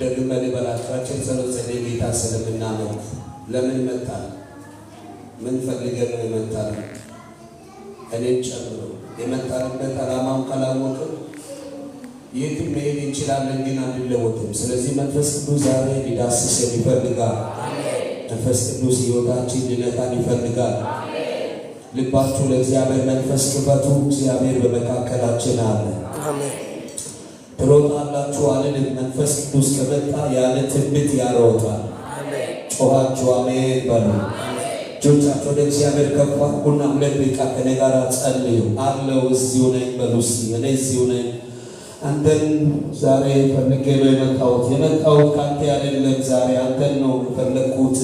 ደግመን በላቻችን ጸሎት ጸደይ ጌታ ስለምናመት ለምን መጣል ምን ፈልገን ነው የመጣል? እኔን ጨምሮ የመጣልበት ዓላማውን ካላወቅን የትም መሄድ እንችላለን፣ ግን አንለወጥም። ስለዚህ መንፈስ ቅዱስ ዛሬ ሊዳስሰን ይፈልጋል። መንፈስ ቅዱስ ሕይወታችን ሊነካን ይፈልጋል። ልባችሁ ለእግዚአብሔር መንፈስ ክፈቱ። እግዚአብሔር በመካከላችን አለ። ትሮጣላችሁ አልልም። መንፈስ ቅዱስ ከመጣ ያለ ትንቢት ያሮጣል። ጮኻችሁ አሜን በሉ። እጆቻችሁ ወደ እግዚአብሔር ከፋ። ቡና ሁለት ደቂቃ ከኔ ጋር ጸልዩ። አለው እዚሁ ነኝ በሉ። እስኪ እኔ እዚሁ ነኝ። አንተን ዛሬ ፈልጌ ነው የመጣሁት። የመጣሁት ካንተ አይደለም። ዛሬ አንተን ነው የፈለግኩት።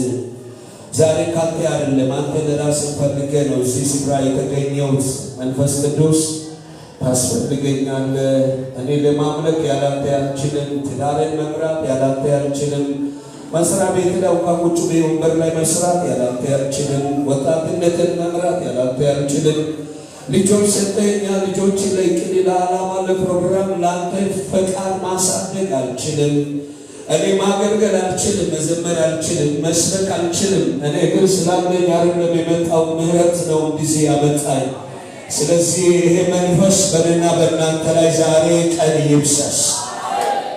ዛሬ ካንተ አይደለም። አንተን ራስን ፈልጌ ነው እዚህ ስፍራ የተገኘሁት። መንፈስ ቅዱስ ታስፈልገኛለህ። እኔ ለማምለክ ያላንተ ያልችልም። ትዳሬን መምራት ያላንተ ያልችልም። መስሪያ ቤት ላይ እንኳ ቁጭ ወንበር ላይ መስራት ያላንተ ያልችልም። ወጣትነትን መምራት ያላንተ ያልችልም። ልጆች ሰጠኛ ልጆች ለእቅድ ለዓላማ ለፕሮግራም ለአንተ ፈቃድ ማሳደግ አልችልም። እኔ ማገልገል አልችልም። መዘመር አልችልም። መስበክ አልችልም። እኔ እግር ስላለኝ አይደለም የመጣው ምህረት ነው ጊዜ ያመጣኝ ስለዚህ ይሄ መንፈስ በእኔና በእናንተ ላይ ዛሬ ቀን ይብሰስ።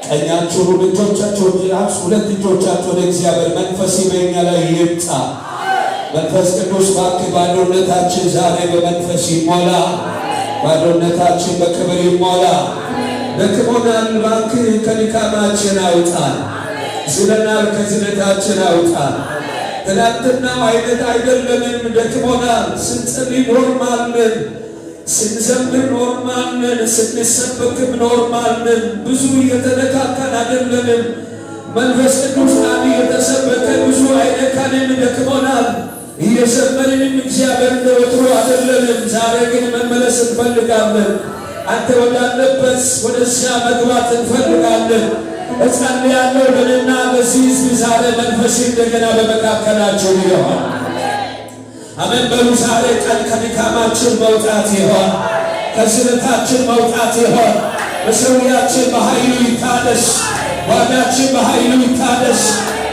ቀኛችሁ እጆቻችሁ ሁለት እጆቻችሁ ለእግዚአብሔር መንፈስ በእኛ ላይ ይምጣ። መንፈስ ቅዱስ እባክህ ባዶነታችን ዛሬ በመንፈስ ይሞላ። ባዶነታችን በክብር ይሞላ። ደክሞናል፣ እባክህ ከድካማችን አውጣን። ዝለናል፣ ከዝለታችን አውጣን። ትናንትናው አይነት አይደለንም። ደክሞናል። ስንጸልይ ኖርማል ነን፣ ስንዘምር ኖርማል ነን፣ ስንሰበክም ኖርማል ብዙ እየተነካካን አይደለንም። መንፈስ ቅዱስ ጣሚ የተሰበከ ብዙ አይነካንም። ደክሞናል። እየዘመርንም እግዚአብሔር እንደ ወትሮ አይደለንም። ዛሬ ግን መመለስ እንፈልጋለን። አንተ ወዳለበት ወደዚያ መግባት እንፈልጋለን። እጸልያለሁ በእኔና በዚህ ሕዝብ ዛሬ መንፈስ እንደገና በመካከላቸው ይሆን። አሜን በሉ። ዛሬ ቀን ከድካማችን መውጣት ይሆን፣ ከስለታችን መውጣት ይሆን። መሠዊያችን በኃይሉ ይታደስ፣ ዋዳችን በኃይሉ ይታደስ፣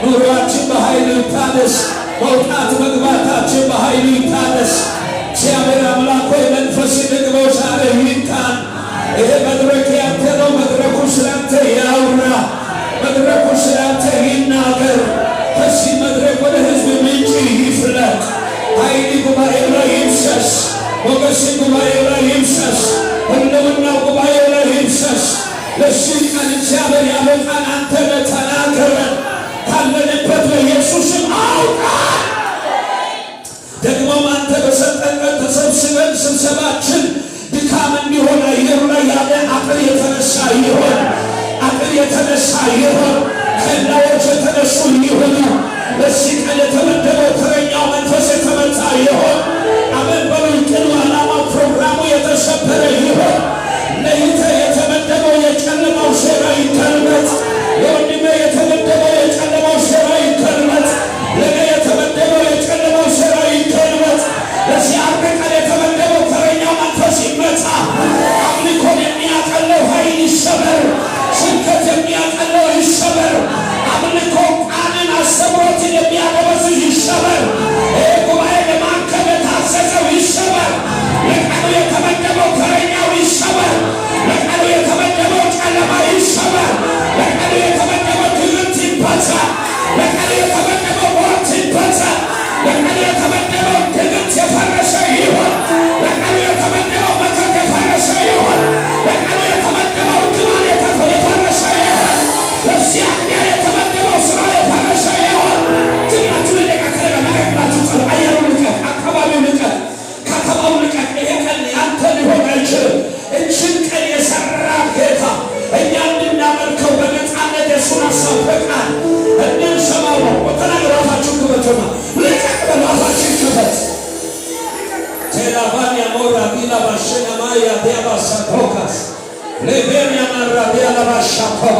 ኑሯችን በኃይሉ ይታደስ፣ መውጣት መግባታችን በኃይሉ ይታደስ።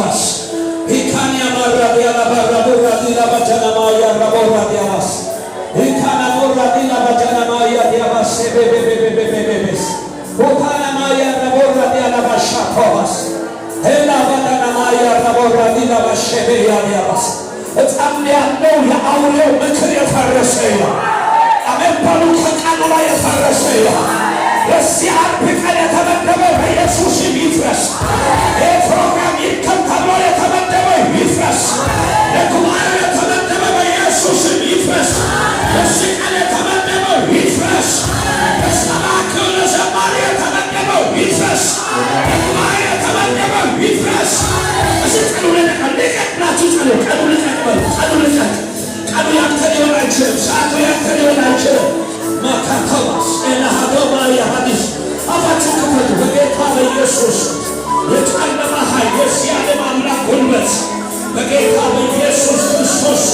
ያባስ ኢካኒ አማራ ያለው የአውሬው ምክር የፈረሰ ይላል። አሜን በሉ። ከቃሉ ላይ የፈረሰ ይላል። የዚህ ዓርብ ቀን የተመደበ በኢየሱስ ይፍረስ። ይህ ፕሮግራም ይከ ይፍረስ። ለጉባኤ የተመደበ በኢየሱስ ይፍረስ። በዚህ ቀን የተመደበው ይፍረስ። በሰባክብ ለዘማሪ የተመደበው ይፍረስ። ለጉባኤ የተመደበው ይፍረስ። እዚህ ቀኑ ልቀቅላችሁ ጸሉ ቀኑ ልቀቅበሉ ቀኑ ልቀቅ ቀኑ ያንተ ሊሆን አይችልም። ሰዓቱ ያንተ ሊሆን አይችልም። ማካተባስ ኤናሃዶማ የሀዲስ አፋችን ክፈቱ በጌታ በኢየሱስ የጨለማ ኃይል የዚህ ዓለም አምላክ ጉልበት በጌታ በኢየሱስ ክርስቶስ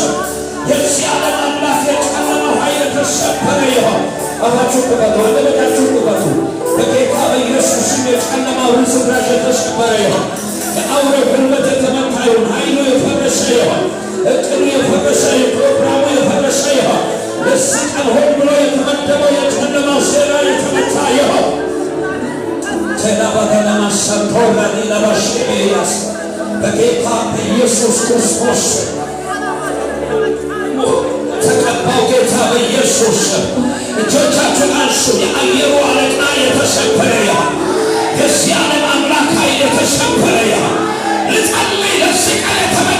የዚህ ዓለም አምላክ የጨለመው ኃይል ተሰበረ ይሆን። አፋችሁ ቁፈቱ፣ አንደበታችሁ ቁፈቱ። በጌታ በኢየሱስም የጨለማውን ስፍራ የተሰበረ ይሆን። የአውሬው ጉልበት በኢየሱስ ክርስቶስ ተቀባው ጌታ በኢየሱስ እጆቻችን አንሱ። የአየሩ አለቃ የተሰበረ ያ የዚህ ዓለም አምላክ ኃይል ያ ልጸልይ ለዚህ የተመ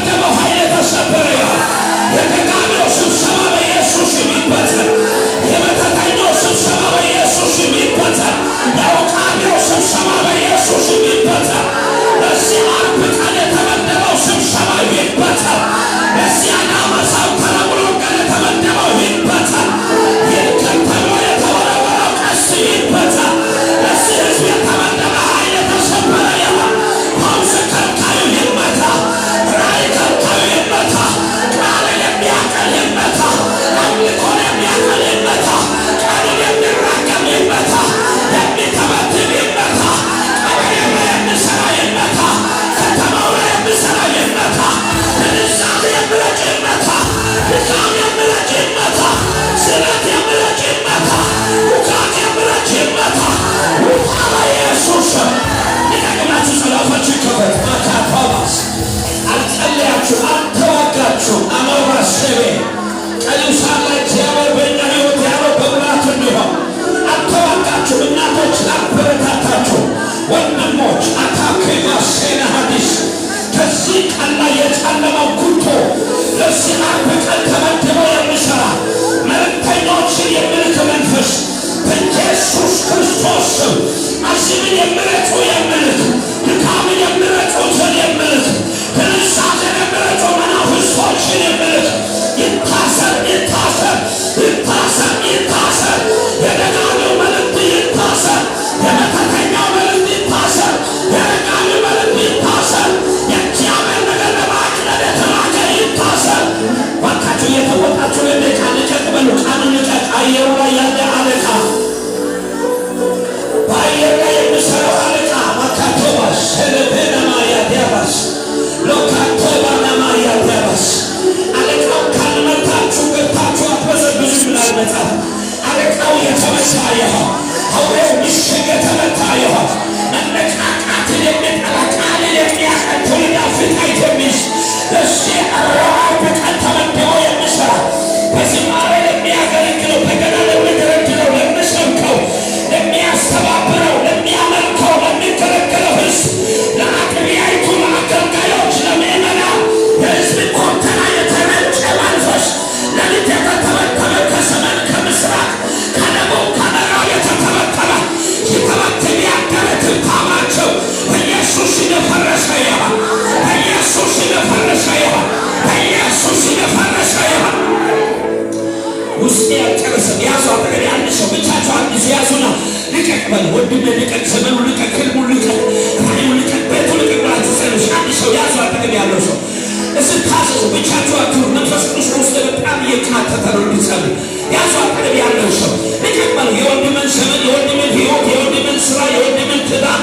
ብቻችኋችሁ መንፈስ ቅዱስ ውስጥ በጣም እየተናተተ ነው እንዲጸልይ ያሰው ያለው ሰው ይጀምር። የወንድምን ዘመን፣ የወንድምን ህይወት፣ የወንድምን ስራ፣ የወንድምን ትዳር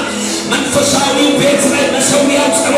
መንፈሳዊው ቤት ላይ መሰዊያው ጸሎ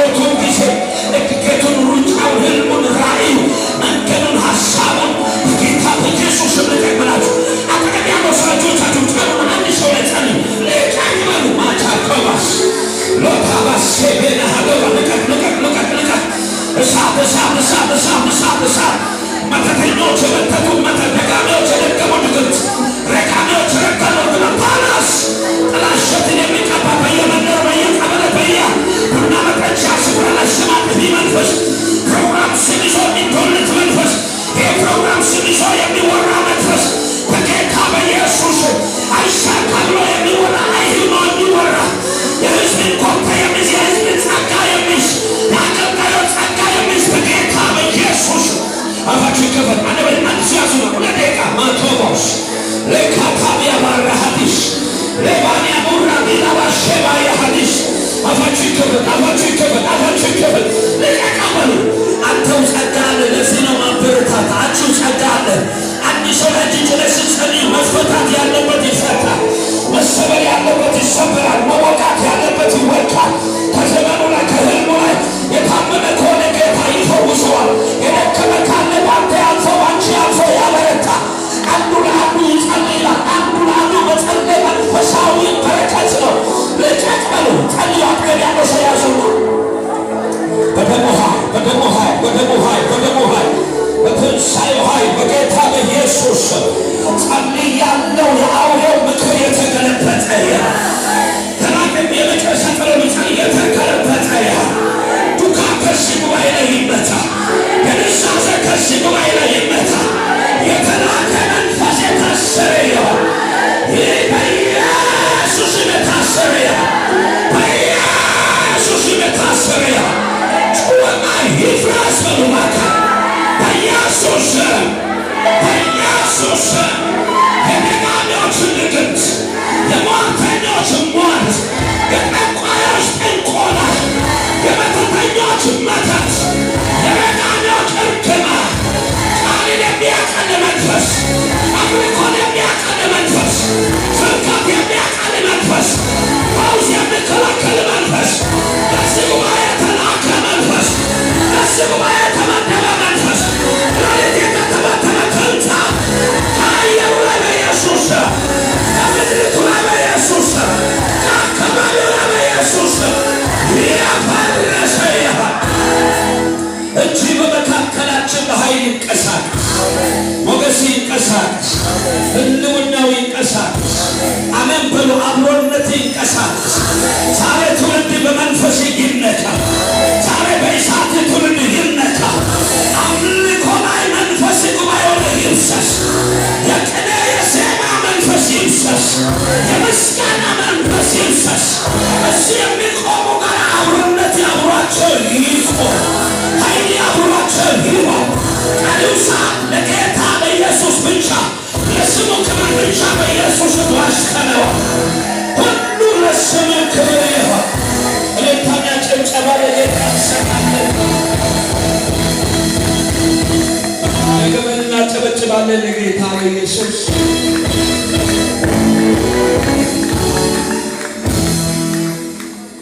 አለ ለጌታ ኢየሱስ።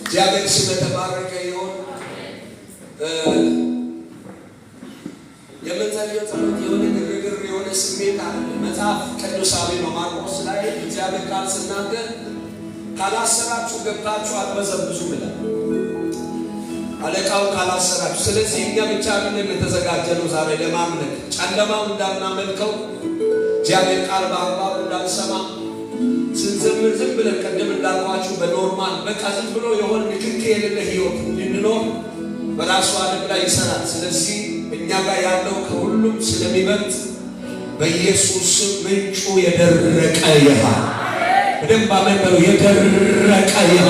እግዚአብሔር ስለተባረከ ይሁን። የምንጸልየው ጸሎት የሆነ ግርግር የሆነ ስሜት አለ። መጽሐፍ ቅዱሳዊ ነው። ማርቆስ ላይ እግዚአብሔር ቃል ስናገር ካላሰራችሁ ገብታችሁ አትበዘብዙ ብላል። አላሰራችሁ። ስለዚህ እኛ ብቻ ምንም የተዘጋጀ ነው ዛሬ ለማምለክ ጨለማው እንዳናመልከው እግዚአብሔር ቃል በአግባቡ እንዳንሰማ ስንዘምር ዝም ብለን ቅድም እንዳልኳችሁ በኖርማል በቃ ዝም ብሎ የሆን ንክክ የሌለ ህይወት እንድንኖር በራሱ ዓለም ላይ ይሰራል። ስለዚህ እኛ ጋር ያለው ከሁሉም ስለሚበልጥ በኢየሱስ ምንጩ የደረቀ ይሃ በደንብ አመንበሩ የደረቀ ይሃ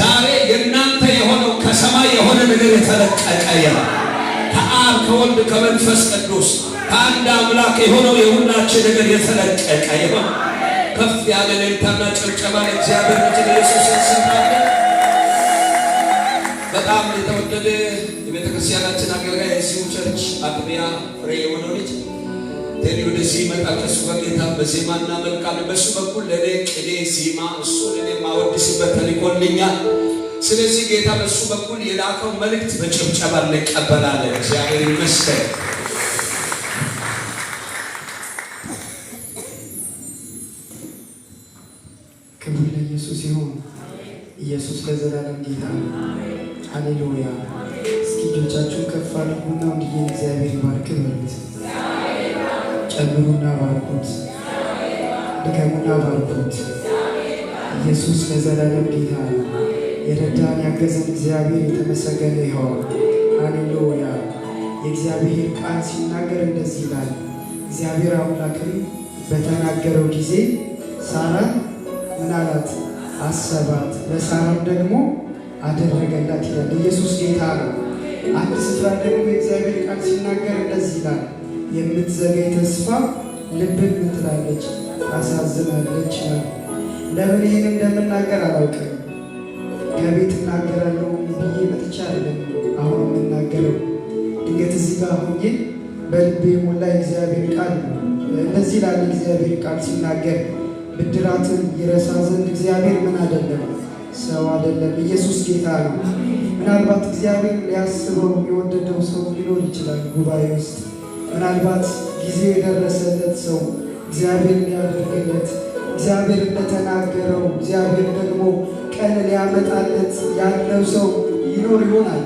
ዛሬ የና የሆነው ከሰማይ የሆነ ነገር የተለቀቀ ይላል። ከአብ ከወልድ ከመንፈስ ቅዱስ ከአንድ አምላክ የሆነው የሁላችን ነገር የተለቀቀ ይሆን። ከፍ ያለ ሌልታና ጨብጨባ ለእግዚአብሔር ልጅ ኢየሱስ እንሰጣለን። በጣም የተወደደ የቤተክርስቲያናችን አገልጋይ የሲሁ ቸርች አጥቢያ ፍሬ የሆነው ልጅ ቴዲ ወደዚህ መጣ። ከእሱ በጌታ በዜማ እናመልካለን። በእሱ በኩል ለእኔ ቅኔ ዜማ እሱ ለእኔ ማወድስበት ተልኮልኛል። ስለዚህ ጌታ በእሱ በኩል የላከው መልእክት በጭብጨባ እንቀበላለን። እግዚአብሔር ይመስገን። ክብር ለኢየሱስ ይሁን። ኢየሱስ ለዘላለም ጌታ ነው። ሃሌሉያ። እስኪ እጆቻችሁን ከፍ አድርጉና ወንድዬ እግዚአብሔር ባርክ በሉት። ጨምሩና ባርኩት። ድከሙና ባርኩት። ኢየሱስ ለዘላለም ጌታ ነው። የረዳን ያገዘን እግዚአብሔር የተመሰገነ ይሆን። አሌሉያ። የእግዚአብሔር ቃል ሲናገር እንደዚህ ይላል። እግዚአብሔር አምላክም በተናገረው ጊዜ ሳራ ምናላት አሰባት፣ ለሳራም ደግሞ አደረገላት ይላል። ኢየሱስ ጌታ ነው። አንድ ስፍራ ደግሞ የእግዚአብሔር ቃል ሲናገር እንደዚህ ይላል። የምትዘገይ ተስፋ ልብን ምትላለች፣ ታሳዝናለች ነው። ለምን ይህን እንደምናገር አላውቅም ከቤት እናገራለሁ ብዬ መጥቻ አይደለም አሁን የምናገረው ድንገት እዚህ ጋር ሆኜ በልቤ የሞላ እግዚአብሔር ቃል እነዚህ ላለ እግዚአብሔር ቃል ሲናገር ብድራትን ይረሳ ዘንድ እግዚአብሔር ምን አይደለም ሰው አይደለም፣ ኢየሱስ ጌታ ነው። ምናልባት እግዚአብሔር ሊያስበው የወደደው ሰው ሊኖር ይችላል ጉባኤ ውስጥ ምናልባት ጊዜ የደረሰለት ሰው እግዚአብሔር ሊያደርግለት እግዚአብሔር እንደተናገረው እግዚአብሔር ደግሞ ቀን ሊያመጣለት ያለው ሰው ይኖር ይሆናል።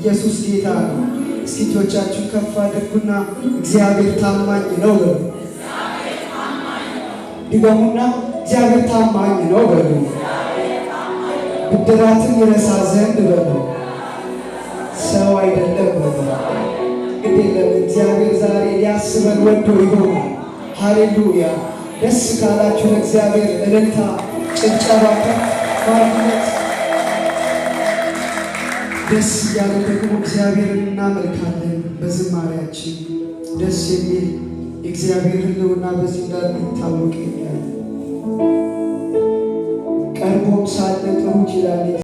ኢየሱስ ጌታ ነው። እስኪ እጆቻችሁን ከፍ አድርጉና እግዚአብሔር ታማኝ ነው በሉ። ድገሙና እግዚአብሔር ታማኝ ነው በሉ። ብድራትን ይረሳ ዘንድ በሉ። ሰው አይደለም በሉ። ግድ የለም እግዚአብሔር ዛሬ ሊያስበን ወዶ ይሆናል። ሃሌሉያ! ደስ ካላችሁ ለእግዚአብሔር እልልታ ጭብጨባ ደስ እያለ ደግሞ እግዚአብሔርን እናመልካለን በዝማሪያችን ደስ የሚል የእግዚአብሔር ሕልውና በዚህ እንዳለ ይታወቅ የሚያል ቀርቦም ሳለ ጥሩት ይላል።